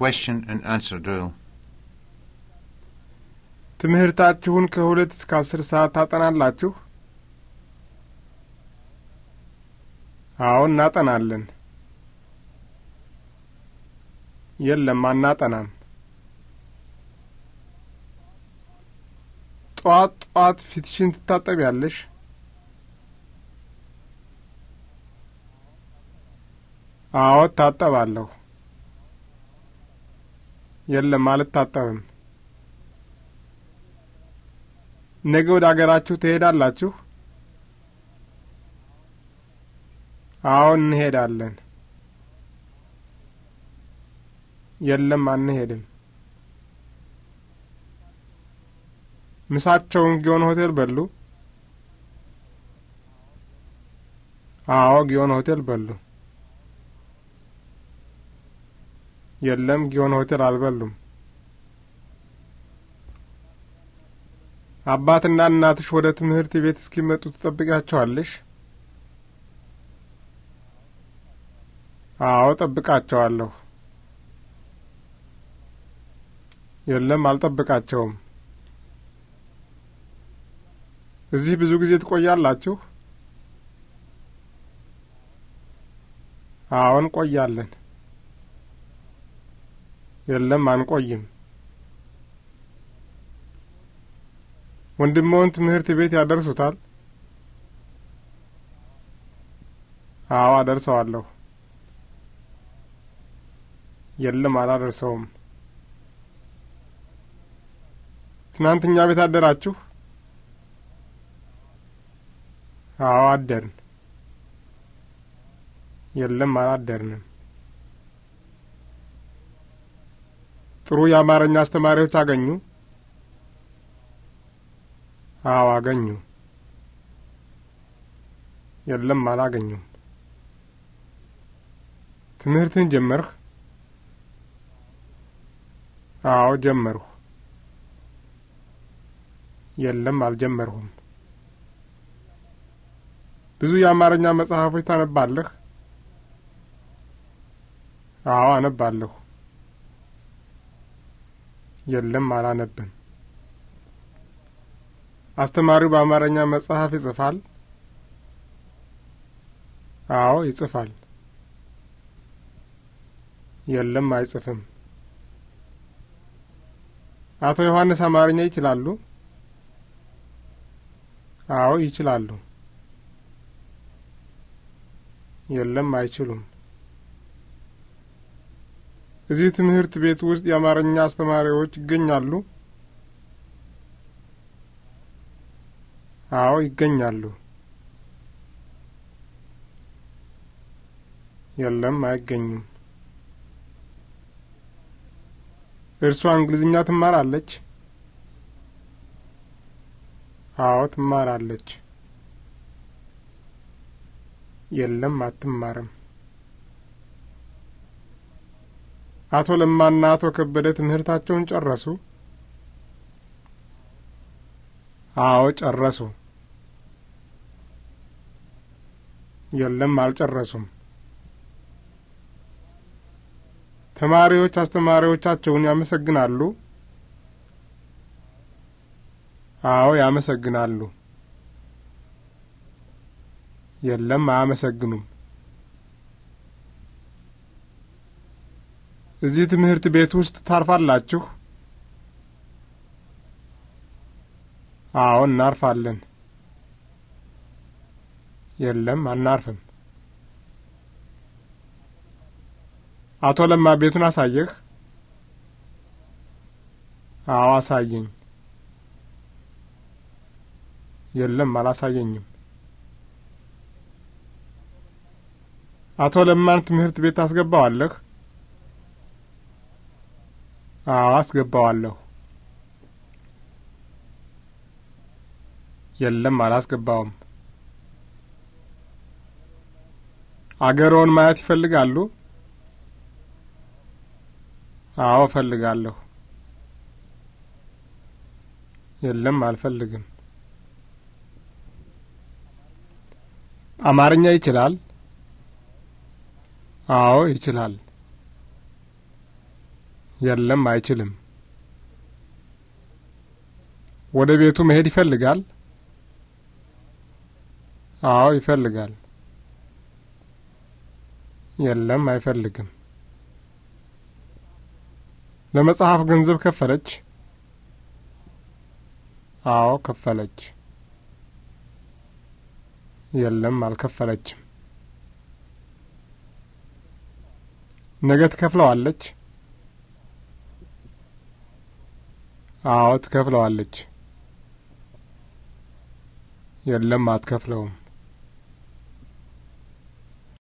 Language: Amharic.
Question and answer drill. ትምህርታችሁን ከሁለት እስከ አስር ሰዓት ታጠናላችሁ? አዎ እናጠናለን። የለም አናጠናም። ጠዋት ጠዋት ፊትሽን ትታጠቢያለሽ? አዎ እታጠባለሁ። የለም፣ አልታጠብም። ነገ ወደ አገራችሁ ትሄዳላችሁ? አዎን፣ እንሄዳለን። የለም፣ አንሄድም። ምሳቸውን ጊዮን ሆቴል በሉ? አዎ፣ ጊዮን ሆቴል በሉ። የለም ጊዮን ሆቴል አልበሉም። አባትና እናትሽ ወደ ትምህርት ቤት እስኪመጡ ትጠብቂያቸዋለሽ? አዎ ጠብቃቸዋለሁ። የለም አልጠብቃቸውም። እዚህ ብዙ ጊዜ ትቆያላችሁ? አዎን ቆያለን። የለም አንቆይም። ወንድሞውን ትምህርት ቤት ያደርሱታል? አዎ አደርሰዋለሁ። የለም አላደርሰውም። ትናንትኛ ቤት አደራችሁ? አዎ አደርን። የለም አላደርንም። ጥሩ የአማርኛ አስተማሪዎች አገኙ? አዎ አገኙ። የለም አላገኙም። ትምህርትን ጀመርህ? አዎ ጀመርሁ። የለም አልጀመርሁም። ብዙ የአማርኛ መጽሐፎች ታነባለህ? አዎ አነባለሁ። የለም አላነብም። አስተማሪው በአማርኛ መጽሐፍ ይጽፋል? አዎ ይጽፋል። የለም አይጽፍም። አቶ ዮሐንስ አማርኛ ይችላሉ? አዎ ይችላሉ። የለም አይችሉም። እዚህ ትምህርት ቤት ውስጥ የአማርኛ አስተማሪዎች ይገኛሉ? አዎ ይገኛሉ። የለም አይገኙም። እርሷ እንግሊዝኛ ትማራለች? አዎ ትማራለች። የለም አትማርም። አቶ ለማና አቶ ከበደ ትምህርታቸውን ጨረሱ? አዎ ጨረሱ። የለም አልጨረሱም። ተማሪዎች አስተማሪዎቻቸውን ያመሰግናሉ? አዎ ያመሰግናሉ። የለም አያመሰግኑም። እዚህ ትምህርት ቤት ውስጥ ታርፋላችሁ? አዎ እናርፋለን። የለም አናርፍም። አቶ ለማ ቤቱን አሳየህ? አዎ አሳየኝ። የለም አላሳየኝም። አቶ ለማን ትምህርት ቤት ታስገባዋለህ? አዎ አስገባዋለሁ። የለም አላስገባውም። አገሮን ማየት ይፈልጋሉ? አዎ እፈልጋለሁ። የለም አልፈልግም። አማርኛ ይችላል? አዎ ይችላል። የለም፣ አይችልም። ወደ ቤቱ መሄድ ይፈልጋል? አዎ፣ ይፈልጋል። የለም፣ አይፈልግም። ለመጽሐፍ ገንዘብ ከፈለች? አዎ፣ ከፈለች። የለም፣ አልከፈለችም። ነገ ትከፍለዋለች? አዎ ትከፍለዋለች። የለም አትከፍለውም።